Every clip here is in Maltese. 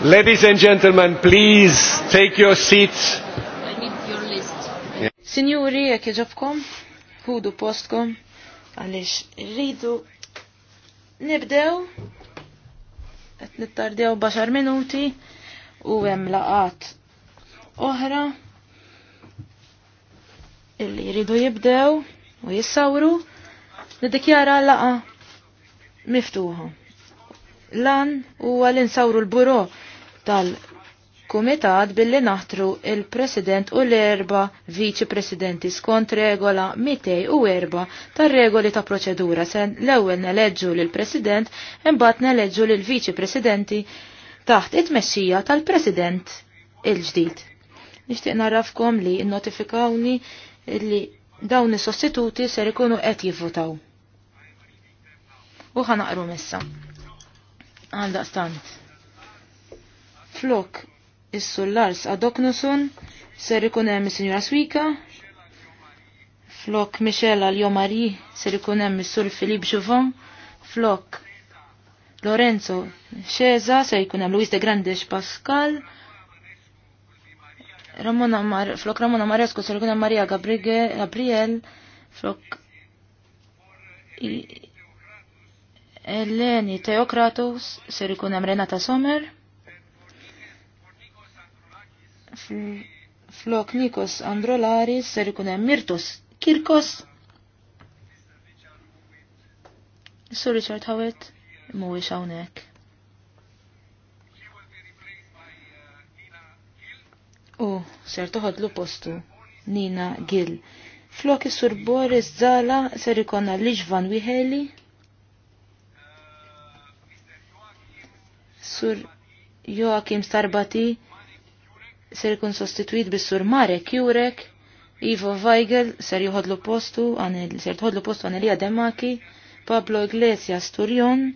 Ladies and gentlemen, please take your seats. I need your list. Yeah. Signori, jek iġobkom, hudu postkom, għalix rridu nibdew, għet nittardew baxar minuti, u hemm laqat oħra illi jridu jibdew u jissawru nidikjara laqa miftuħa. Lan u għal-insawru l-buro tal-Kumitat billi naħtru il-President u l-erba Viċi Presidenti skont regola u erba' tar-regoli ta' proċedura sen l-ewwel neleġġu lill-President imbagħad neleġġu lill-Viċi Presidenti taħt it messija tal-President il-ġdid. Nixtieq narrafkom li notifikawni li dawn is-sostituti ser ikunu qed jivvutaw. U ħanaqru messa. Għal Flok is-sullars Adoknusun ser ikun hemm is-Sinjura Swika. Flok Michel Aljomari ser ikun hemm is-Sur Filip Juvon. Flok Lorenzo Xeza ser jkun hemm Luis de Grandes Pascal. Ramona Mar Flok Ramona Maresco ser jkun hemm Maria Gabriel. Flok Eleni Teokratus ser ikun hemm Renata Sommer flok Nikos Androlaris ser ikun hemm Mirtus Kirkos. Sur Richard Howitt mhuwiex hawnhekk. U ser toħodlu postu Nina Gill. Flok is-Sur Boris Zala ser ikonna Liġvan Wiheli. Sur Joachim Starbati ser ikun sostituit bis-sur Marek Jurek, Ivo Weigel ser joħodlu postu ser tħodlu postu għan Elija Demaki, Pablo Iglesias Turjon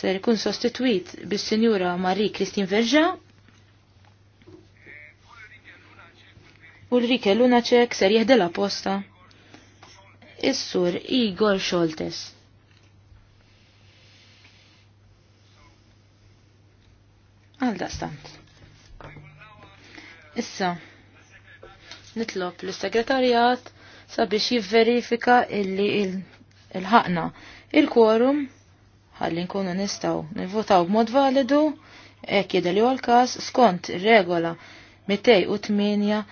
ser ikun sostituit bis-sinjura Marie Christine Verja. Ulrike Lunacek ser la posta. Is-sur Igor Scholtes. Għal dastant. Issa, nitlob l-segretarjat sabiex jivverifika illi il-ħakna il-kworum ħalli nkunu nistaw nivvotaw b'mod validu hekk jidher għal każ skont ir-regola 208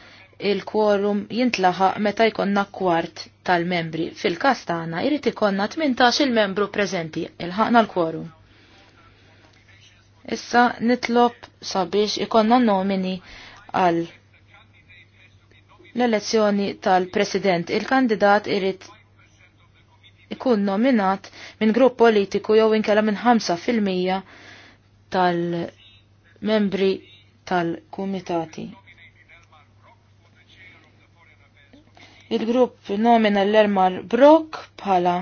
il-kworum jintlaħaq meta jkollna kwart tal-membri. Fil-każ tagħna jrid ikollna 18 il-membru preżenti il-ħakna l-kworum. Issa nitlob sabiex ikonna nomini għal l-elezzjoni tal-president. Il-kandidat irrit ikun nominat minn grupp politiku jew inkella minn 5% tal-membri tal-kumitati. Il-grupp nomina l-Ermar Brock bħala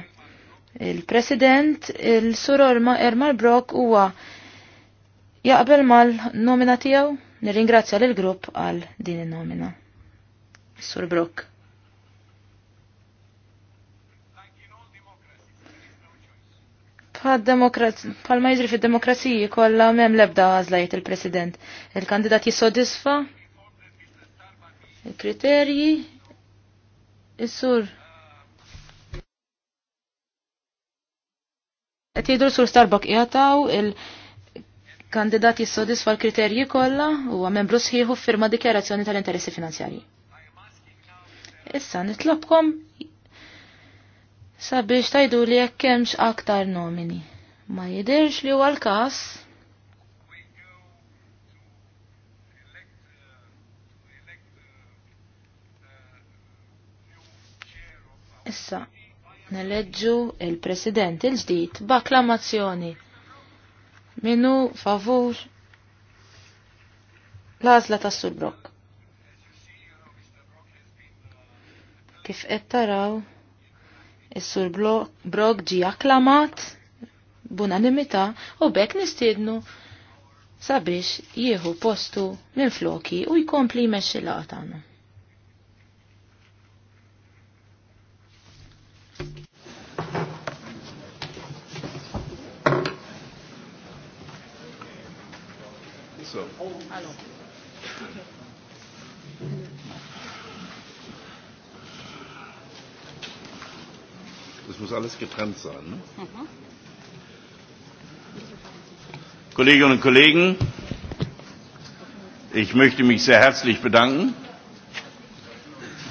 il-president, il-sur Ermar Brock huwa jaqbel mal-nomina tiegħu? Nirringrazzja l grupp għal din il-nomina. Sur Brook. Pal ma jizri fil-demokrazija kolla mem lebda għazlajt il-president. Il-kandidat jisodisfa il-kriterji il-sur. Għet jidur sur Starbuck jgħataw il-kriterji kandidat jissodisfa l-kriterji kollha u membru sħiħu firma dikjarazzjoni tal-interessi finanzjarji. Issa nitlobkom sabiex tajdu li jekk hemmx aktar nomini. Ma jidirx li huwa l-każ Issa, neleġġu il-President il ġdijt b'akklamazzjoni Minu favur l-għazla ta' Surbrok. Kif qed taraw, is-Sur Brok ġi akklamat b'unanimità u bekk nistiednu sabiex jieħu postu minn floki u jkompli jmexxi laqatana. So. Das muss alles getrennt sein. Ne? Mhm. Kolleginnen und Kollegen, ich möchte mich sehr herzlich bedanken.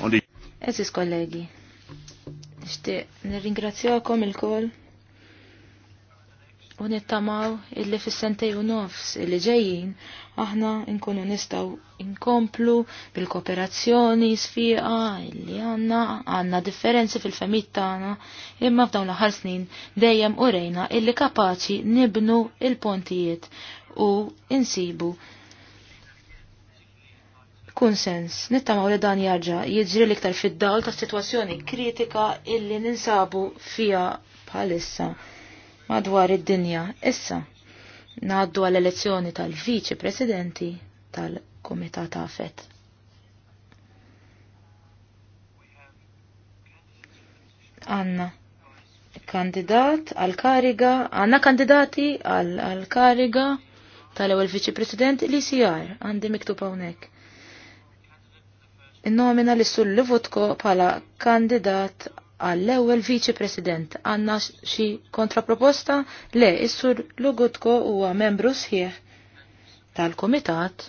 Und ich es ist Kollegi. Nirringrazzjakom il-koll nittamaw illi fis-sentej u nofs illi ġejjin aħna nkunu nistaw inkomplu bil-kooperazzjoni sfiqa illi għanna għanna differenzi fil-femit tagħna imma f'dawn l-aħħar snin dejjem u rejna illi kapaċi nibnu il-pontijiet u insibu kunsens. Nittamaw li dan jarġa jiġri l-iktar fid-dawl ta' situazzjoni kritika illi ninsabu fija bħalissa madwar id-dinja. Issa, ngħaddu għall-elezzjoni tal-Viċi Presidenti tal-Kumitat Afet. Anna kandidat għal kariga, għanna kandidati għal kariga tal-ewel viċi president li sijar, għandi miktub hawnhekk. Innomina li sulli votko pala kandidat għall-ewwel viċi president għandna xi kontraproposta le is-sur Lugutko huwa membru sħiħ tal-kumitat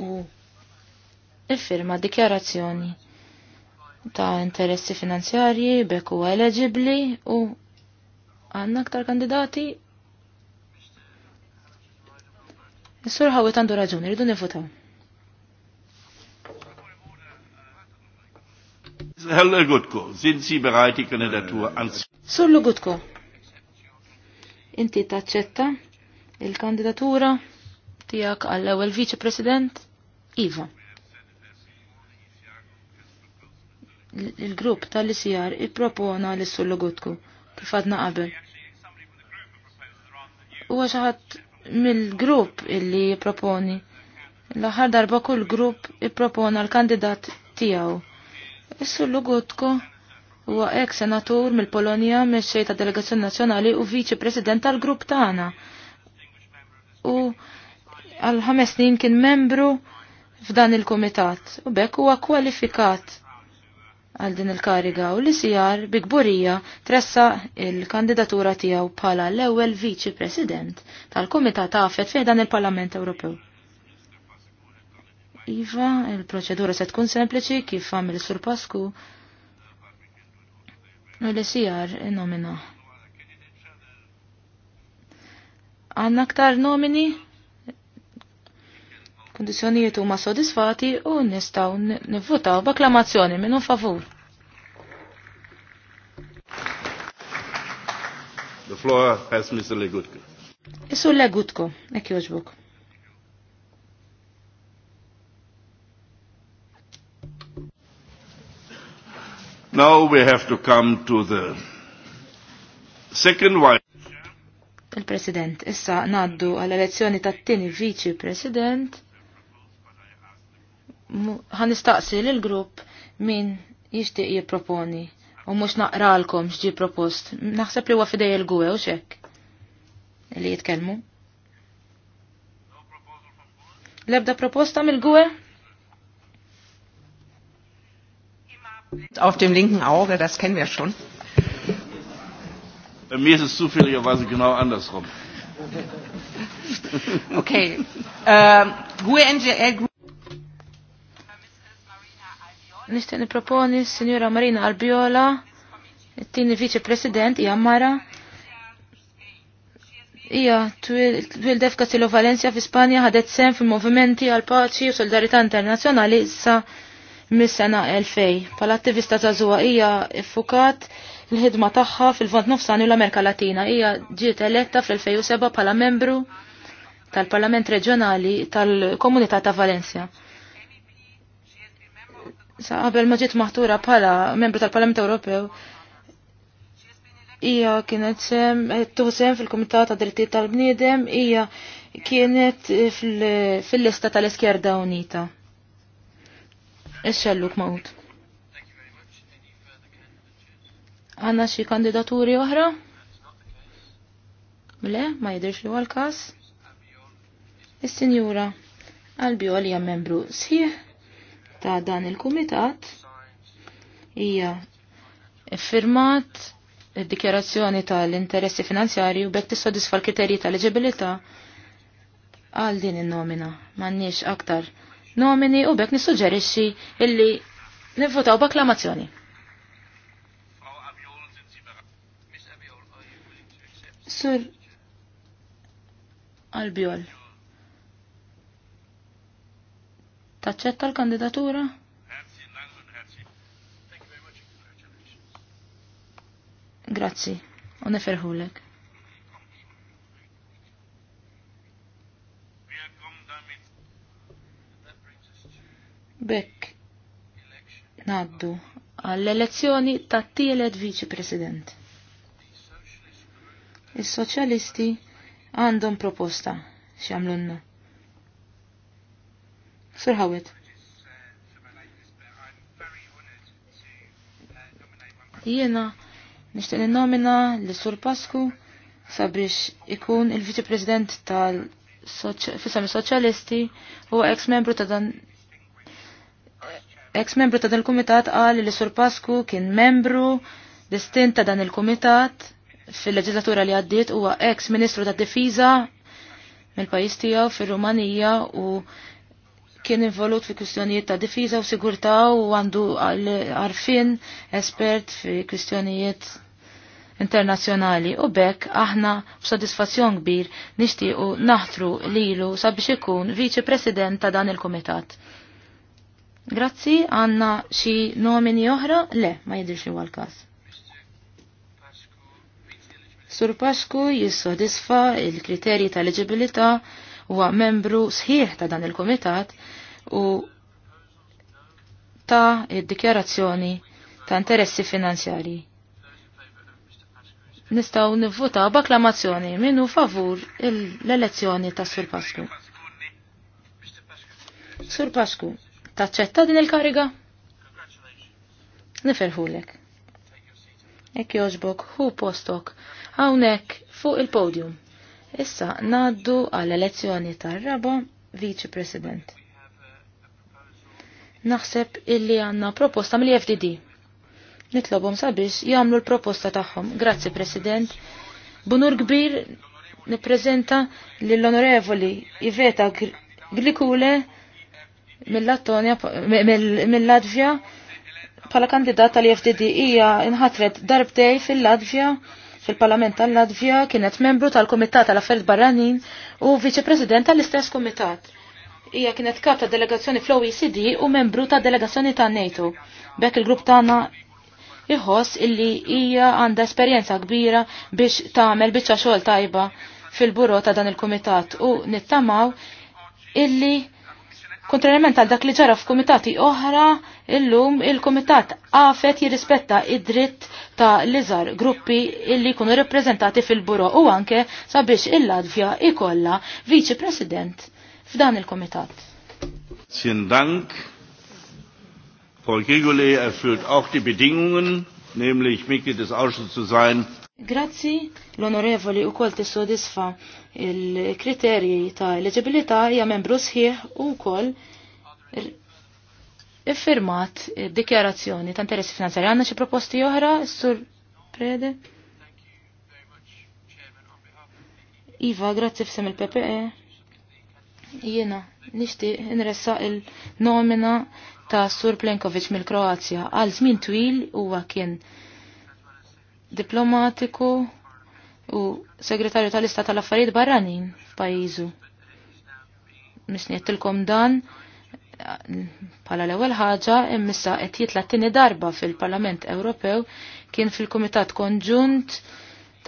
u iffirma dikjarazzjoni ta' interessi finanzjarji bekk huwa eleġibbli u għandna aktar kandidati Is-sur Ħawet għandu raġuni, rridu nifutaw. Herr Legutko, sind Sie bereit, die Kandidatur anzunehmen? Sur Legutko, inti taċċetta il-kandidatura tijak għall-ewel vicepresident President Iva. Il-grupp tal-ICR i-propona l-Sur Legutko kif għadna qabel. U għaxħat mill-grupp illi proponi. L-aħħar darba kull grupp i-propona l-kandidat tijaw Issu Lugutko huwa ek senatur mill-Polonja mexxej ta' delegazzjoni nazzjonali u viċi president tal-grupp tagħna. U għal ħames snin kien membru f'dan il-komitat u bekk huwa kwalifikat għal din il-kariga u li sijar bikburija tressa il-kandidatura tiegħu bħala l-ewwel viċi president tal-Kumitat għafet fejn dan il-Parlament Ewropew. Iva, il-proċedura se tkun sempliċi kif għamil sur Pasku u l-sijar nomina. Għanna ktar nomini, kondizjonijiet huma sodisfati u nistaw nivvutaw b'akklamazzjoni minnu favur. The floor has Mr. Legutko. Isu Legutko, ek joġbuk. Now we have to come to the second one. Il-President, issa naddu għall-elezzjoni tat tini viċi President. Ħanistaqsi l-grupp min jixtieq jipproponi u mhux naqralkom x'ġi propost. Naħseb li huwa fidej il-gwe u xek li jitkelmu. Lebda proposta mill-gwe? Auf dem linken Auge, das kennen wir schon. Bei mir ist es zufälligerweise genau andersrum. okay. Ähm, GUE NGL äh, Nishtiq proponi, signora Marina Albiola, it vice viċi president hija Ija, Hija twildet f'Kasilo Valencia fi Spanja ħadet sem fil-movimenti għal paċi u solidarità internazjonali sa' mis-sena 2000. Pal-attivista ta' zuwa hija iffukat l-ħidma tagħha fil-Vant Nofsani u l-Amerika Latina. Hija ġiet eletta fl-2007 bħala membru tal-Parlament Reġjonali tal-Komunità ta' Valencia. Sa qabel ma ġiet maħtura bħala membru tal-Parlament Ewropew, hija kienet sem tuħsem fil-Kumitat ta' Drittijiet tal-Bniedem, hija kienet fil-lista tal-Iskjerda Unita. Ix-xelluk mawt. Għanna xi kandidaturi oħra? Le, ma jidirx li għal-kas. Is-sinjura għal-bjol hija membru sħiħ ta' dan il-kumitat hija firmat id-dikjarazzjoni tal-interessi finanzjarji u bekk tissodisfa l-kriterji tal-eġibilità għal din in-nomina. M'għandniex aktar nomini u bekk nissuġġerixxi illi nivvotaw b'akklamazzjoni. Sur Albiol. Taċċetta l-kandidatura? Grazzi, u neferħulek. Bekk naddu għall-elezzjoni ta' tielet viċi president. Is-soċjalisti għandhom proposta xamlunna. Sir Hawet. Jiena nixtieq nomina l sur Pasku sabiex ikun il-Viċi President tal-Fisami Soċjalisti huwa ex membru ta' dan Ex-membru ta' dan il-kumitat għal li Sur Pasku kien membru distint ta' dan il-kumitat fil-leġislatura li għaddiet huwa ex-ministru ta' difiża mill-pajjiż tiegħu fir-Rumanija u kien involut fi kwistjonijiet ta' difiża u sigurtà u għandu għarfien espert fi kwistjonijiet internazzjonali u bekk aħna b'sodisfazzjon kbir nixtiequ naħtru lilu sabiex ikun viċi president ta' dan il-kumitat. Grazzi, għanna xi nomini oħra? Le, ma jidirx li l-każ. Sur Pasku jissodisfa il-kriterji ta' eligibilità huwa membru sħiħ ta' dan il kumitat u ta' id-dikjarazzjoni ta' interessi finanzjari. Nistaw nivvuta b'akklamazzjoni minnu favur l-elezzjoni ta' Sur Pasku. Sur Pasku, Taċċetta din il-kariga? Niferħulek. Ek joġbok, hu postok, hawnhekk fuq il-podium. Issa naddu għal elezzjoni tar rabo Vice President. Naħseb illi għanna proposta mill-FDD. Nitlobhom sabiex jagħmlu l-proposta tagħhom. Grazzi President. Bunur kbir nippreżenta lill-Onorevoli Iveta Glikule mill-Latvja mill bħala kandidata li FDD hija inħatret darbdej fil-Latvja fil-Parlament tal-Latvja kienet membru tal-Kumitat tal-Affarijiet Barranin u viċi-President tal-istess Kumitat. Hija kienet kap ta' delegazzjoni fl-OECD u membru ta' delegazzjoni ta' NATO. Bekk il-grupp tagħna iħoss illi hija għandha esperjenza kbira biex tagħmel biċċa xogħol tajba fil-buro ta' dan il-Kumitat u nittamaw illi Kontrarjament għal dak li ġara f'kumitati oħra, illum il-kumitat għafet jirrispetta id-dritt ta' liżar gruppi illi kunu rappresentati fil-buro u anke sabiex il-Latvja ikolla viċi president f'dan il-kumitat. Sin dank. Frau Gigole erfüllt auch die Bedingungen, nämlich Mitglied des Ausschusses zu sein. Grazzi, l-onorevoli u kol tissodisfa il-kriterji ta' eleġibilità hija membru sħiħ u kol iffirmat dikjarazzjoni ta' interessi finanzjari. Għanna xi proposti oħra, sur Prede? Iva, grazzi f'sem il-PPE. Jiena, nishti inressa il-nomina ta' Sur Plenkovic mill-Kroazja għal żmien twil huwa kien diplomatiku u segretarju tal-Istat tal-Affarijiet Barranin f'pajjiżu. Misniettilkom dan pala l-ewwel ħaġa immissa qed jitla t-tieni darba fil-Parlament Ewropew kien fil-Kumitat Konġunt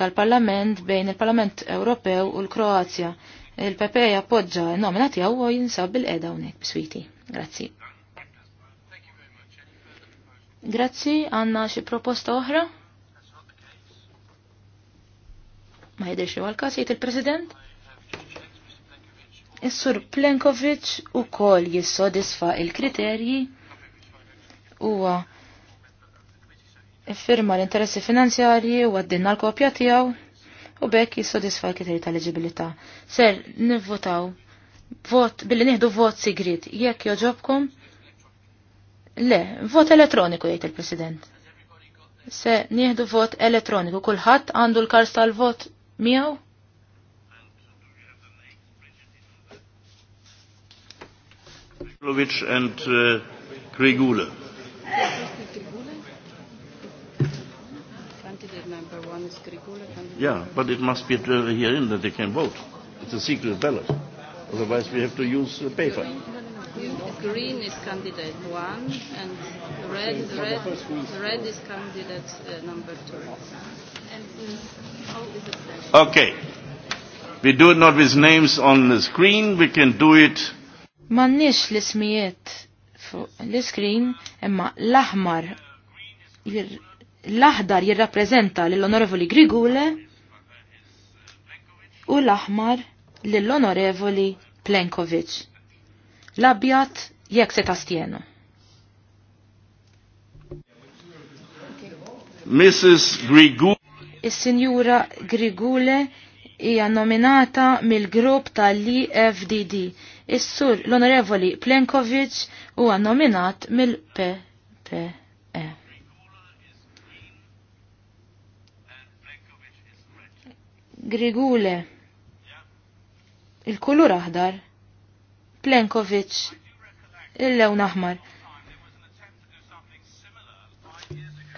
tal-Parlament bejn il-Parlament Ewropew u l-Kroazja. Il-PP jappoġġa e n-nomina tiegħu u jinsab bil-qeda hawnhekk biswiti. Grazzi. Grazzi, għandna xi proposta oħra? Ma jidrix li għal-kas jgħid il-President. Is-Sur Plenkovic u kol jissodisfa il-kriterji huwa iffirma l-interessi finanzjarji u għaddinna l-kopja tiegħu u bekk jissodisfa l-kriterji tal eġibilita Ser nivvotaw vot billi nieħdu vot sigrit jekk joġobkom le, vot elettroniku jgħid il-President. Se nieħdu vot elettroniku kulħadd għandu l-kars tal-vot miegħu? Lovic and uh, Grigula. Yeah, but it must be uh, here in that they can vote. It's a secret ballot. Otherwise we have to use uh, paper. Green is candidate one and red, red, red is candidate uh, number two. Okay. We do it not with names on the screen, we can do it. Mannix l-ismijiet fuq l-screen imma l-aħmar l-aħdar jirrappreżenta lill-Onorevoli Grigule u l-aħmar lill-Onorevoli Plenkovic. L-abjat jekk se tastienu. Mrs. Grigule Is-Sinjura Grigule hija nominata mill-grupp tal-EFDD. Is-Sur l-Onorevoli Plenkovic huwa nominat mill-PPE. Grigule. Il-kulur aħdar. Plenkovic. Il-lewn aħmar.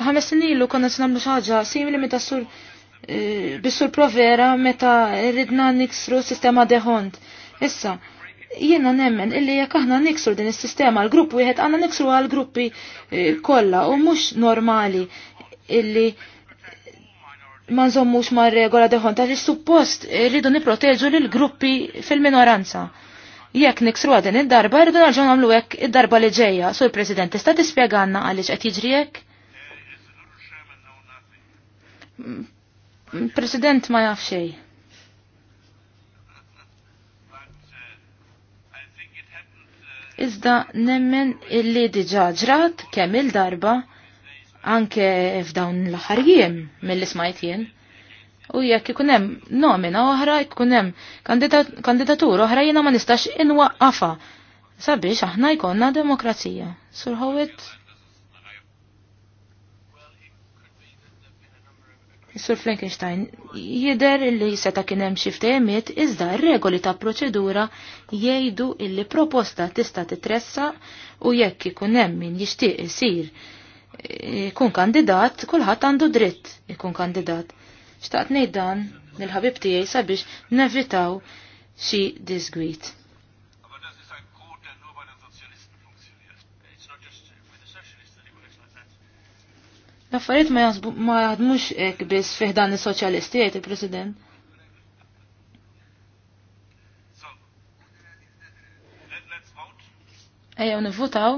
ħames ilu konna s-namlu xaġa simili meta sur eh, bis-Sur provera meta ridna niksru sistema deħont. Issa, jiena nemmen illi jekk aħna niksru din is-sistema għal grupp wieħed għandna niksru għal gruppi eh, kollha u mhux normali illi ma nżommux ma regola deħont għax suppost rridu niproteġu lil gruppi fil-minoranza. Jekk niksru għadin id-darba, rridu nerġgħu nagħmlu hekk id-darba li ġejja. Sur President, tista' tispjeganna għaliex qed jiġri hekk? Mm, president ma jaf xej. Iżda nemmen illi diġa ġrat kemm il-darba anke f'dawn l-aħħar jiem mill-ismajt jien. U jekk ikun hemm nomina oħra jkun hemm kandidatur oħra jiena ma nistax inwaqqafha sabiex aħna jkollna demokrazija. Sur Howitt Sur Frankenstein, jider li seta kien hemm xi ftehimiet iżda r-regoli ta' proċedura jgħidu illi proposta tista' titressa u jekk ikun hemm min jixtieq isir eh, ikun kandidat, kulħadd għandu dritt ikun kandidat. Xtaqt ngħid dan ħabib tiegħi sabiex nevitaw xi disgwit. L-affarijiet ma jaħdmux hekk biss fih dan is-soċjalisti jgħid il-President. Ejjew nivvutaw.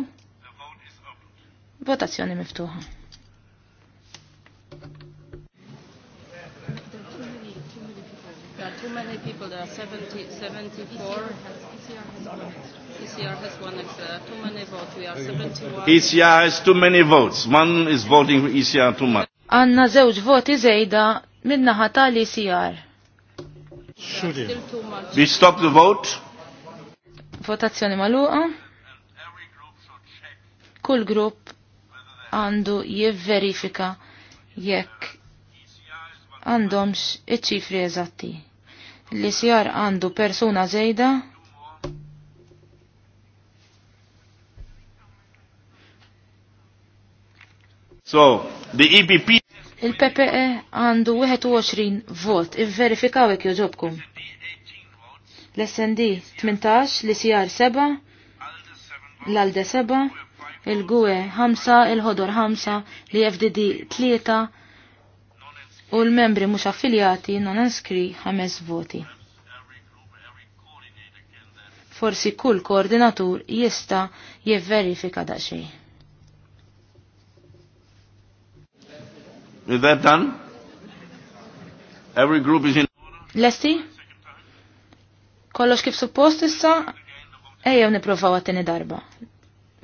Votazzjoni miftuħa. There are too many people, there are 70, 74. ECR has one uh, too many votes. ECR e has too many votes. One is voting for ECR too much. Għanna zewġ voti zejda minna ħata li ECR. We stop the vote. Votazzjoni maluqa. Kull grupp għandu jivverifika jekk għandhomx iċ-ċifri eżatti. L-ICR għandu persuna zejda So, the EPP... Il-PPE għandu 21 vot, i-verifikaw ek joġobkum. L-SND 18, l-CR e 7, l-ALDE 7, il-GUE 5, il hodor 5, l-FDD 3, u l-membri mux affiljati non inskri 5 voti. Forsi kull koordinatur jista jivverifika da xej. Is that done? Every group is in... Lesti? Kollox kif suppost issa? Ejjew niprofaw għattini darba.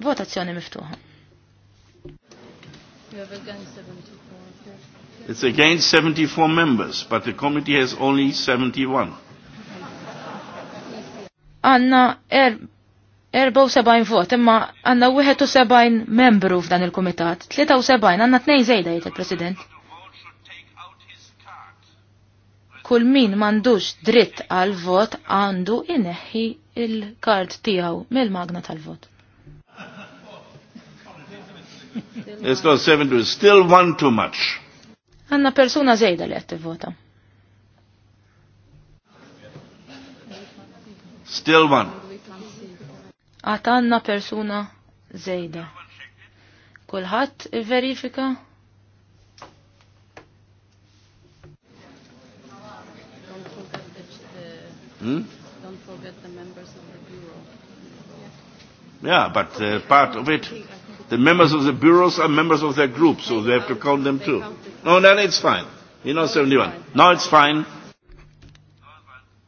Votazzjoni miftuħa. It's against 74 members, but the committee has only 71. Għanna 74 er, vot, imma għanna 71 membru f'dan il-komitat, 73 għanna 2 zejda jgħid il-President. kull min mandux dritt għal vot għandu ineħi il-kard tijaw mill-magna tal-vot. It's not seven to still one too much. Għanna persona zejda li għattiv vota. Still one. Għatanna persona zejda. Kulħadd verifika? Hmm? Don't forget the members of the Bureau. Yeah, but uh, part of it, the members of the bureaus are members of their group, so they have to count them too. No, oh, then it's fine. You know, 71. Now it's fine.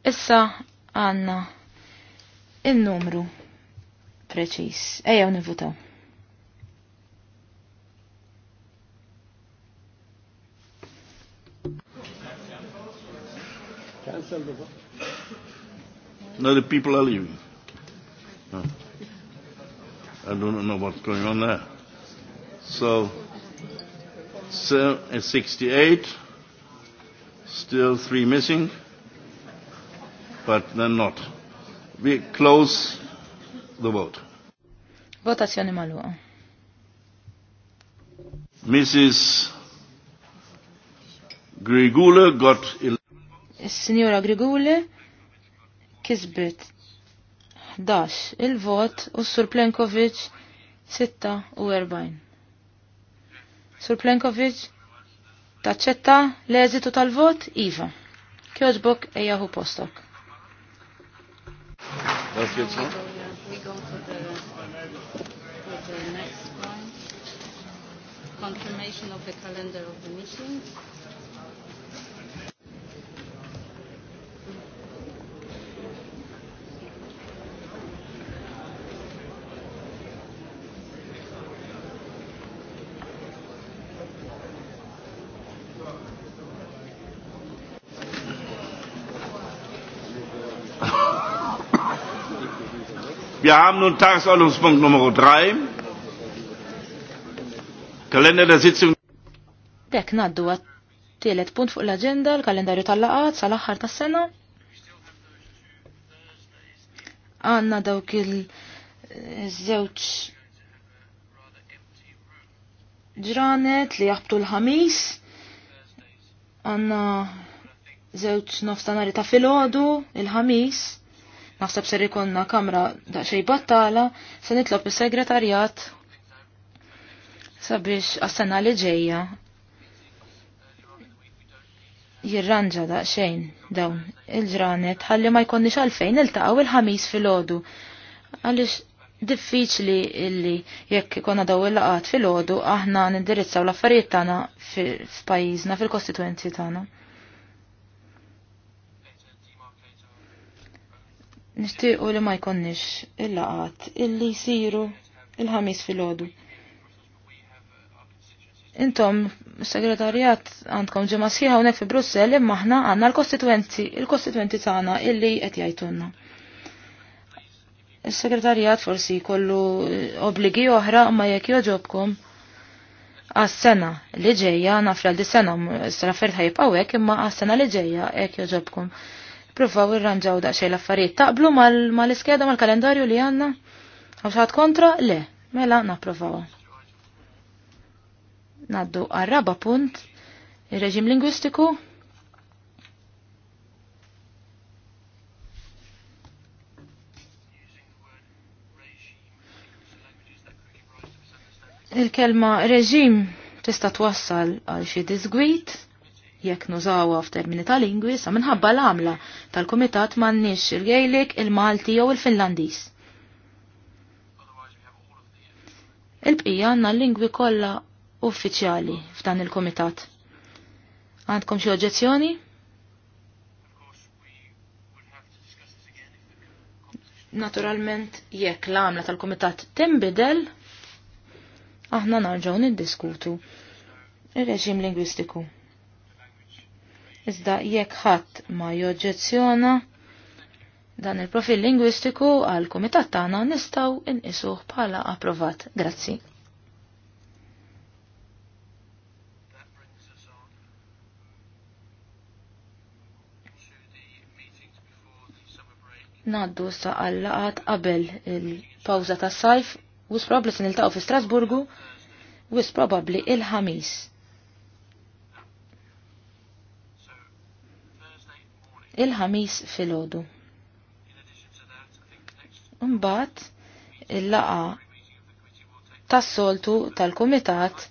Issa Anna, in numru preċis. Eja, nivutaw. Cancel the vote now the people are leaving. Huh. I don't know what's going on there. So, so at 68, still three missing, but then not. We close the vote. Votazione maluqa. Mrs. Grigula got... 11 votes. Signora Grigule kisbet 11 il-vot u Sur Plenkovic 46. Sur Plenkovic taċċetta l-eżitu tal-vot Iva. Kjoġbok e jahu postok. Confirmation of the calendar of the meetings. Wir haben nun Tagesordnungspunkt Nummer 3. Kalender der Sitzung. Dek naddu għat-tielet punt fuq l-agenda, l-kalendarju tal-laqat, sal-axħar tas-sena. Għanna dawk il-żewġ ġranet li jaħbtu l-ħamis. Għanna żewġ nofstanari ta' filodu, il-ħamis. il ħamis Naħseb ser ikonna kamra da xej battala, se nitlob is-segretarjat sabiex għas-sena li ġejja jirranġa xejn dawn il-ġranet ħalli ma jkonniex għalfejn iltaqgħu il-ħamis fil-ħodu. Għaliex diffiċli illi jekk ikonna daw il-laqat fil-ħodu aħna nindirizzaw l-affarijiet tagħna f'pajjiżna fil-kostituenzi tagħna. Nishtiqu li ma jkonniex il-laqat illi jisiru il-ħamis fil-ħodu. Intom, segretarjat għandkom ġemma sħiħa unek fi Brussel imma ħna għanna l-kostituenti, il-kostituenti tagħna illi qed jgħidulna. Is-segretarjat forsi kollu obligi oħra ma jekk joġobkom għas-sena li ġejja nafra li sena s-raffert ħajibqawek imma għas-sena li ġejja jekk joġobkom provaw irranġaw daqsxejn l-affarijiet. Taqblu mal-iskeda mal iskeda mal kalendarju li għandna? Għaw xaħat kontra? Le, mela napprovaw. Naddu għarraba punt, il-reġim lingwistiku. Il-kelma reġim tista' twassal għal xi disgwit jekk nużawha f'termini ta' lingwi sa minħabba l-għamla tal-kumitat m'għandniex il-Gejlik, il-Malti jew il-Finlandiż. Il-bqija għandna l-lingwi kollha uffiċjali f'dan il-kumitat. Għandkom xi oġġezzjoni? Naturalment, jekk l-għamla tal-kumitat tinbidel, aħna narġgħu niddiskutu ir-reġim lingwistiku. Iżda jekk ħadd ma joġġezzjona dan il-profil lingwistiku għal kumitat tagħna nistgħu inqisuh bħala approvat. Grazzi. Naddu sa għallaqat qabel il-pawza tas-sajf, wis se niltaqgħu fi Strasburgu, wis probabbli il-ħamis. il-ħamis filgħodu. Mbagħad il-laqa tas-soltu tal-kumitat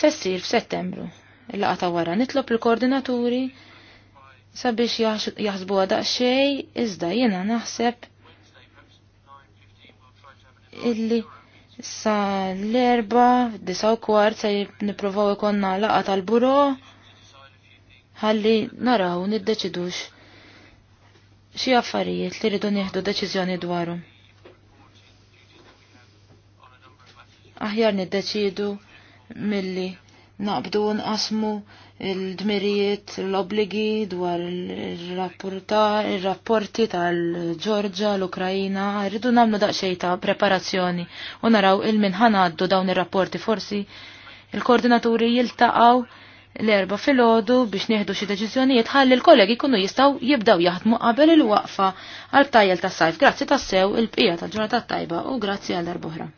se ssir f'Settembru. Il-laqa ta' wara nitlob il-koordinaturi sabiex jaħsbu għadaq xej, iżda jiena naħseb illi sa l-erba, disa u kwart, se niprofaw ikonna laqa tal-buro ħalli naraw niddeċidux xi affarijiet li rridu nieħdu deċiżjoni dwarhom. Aħjar niddeċidu milli naqbdu nqasmu il-dmirijiet, l-obligi dwar il-rapporti tal-Ġorġa, l-Ukrajina, rridu namlu daqxej ta' preparazzjoni u naraw il-min għaddu dawn ir rapporti forsi il-koordinaturi jiltaqaw l-erba fil-ħodu biex nieħdu xi deċiżjonijiet ħalli l-kollegi jkunu jistgħu jibdaw jaħdmu qabel il-waqfa għal tajjel tas-sajf. Grazzi tassew il pija tal-ġurnata tajba u grazzi għal erbohra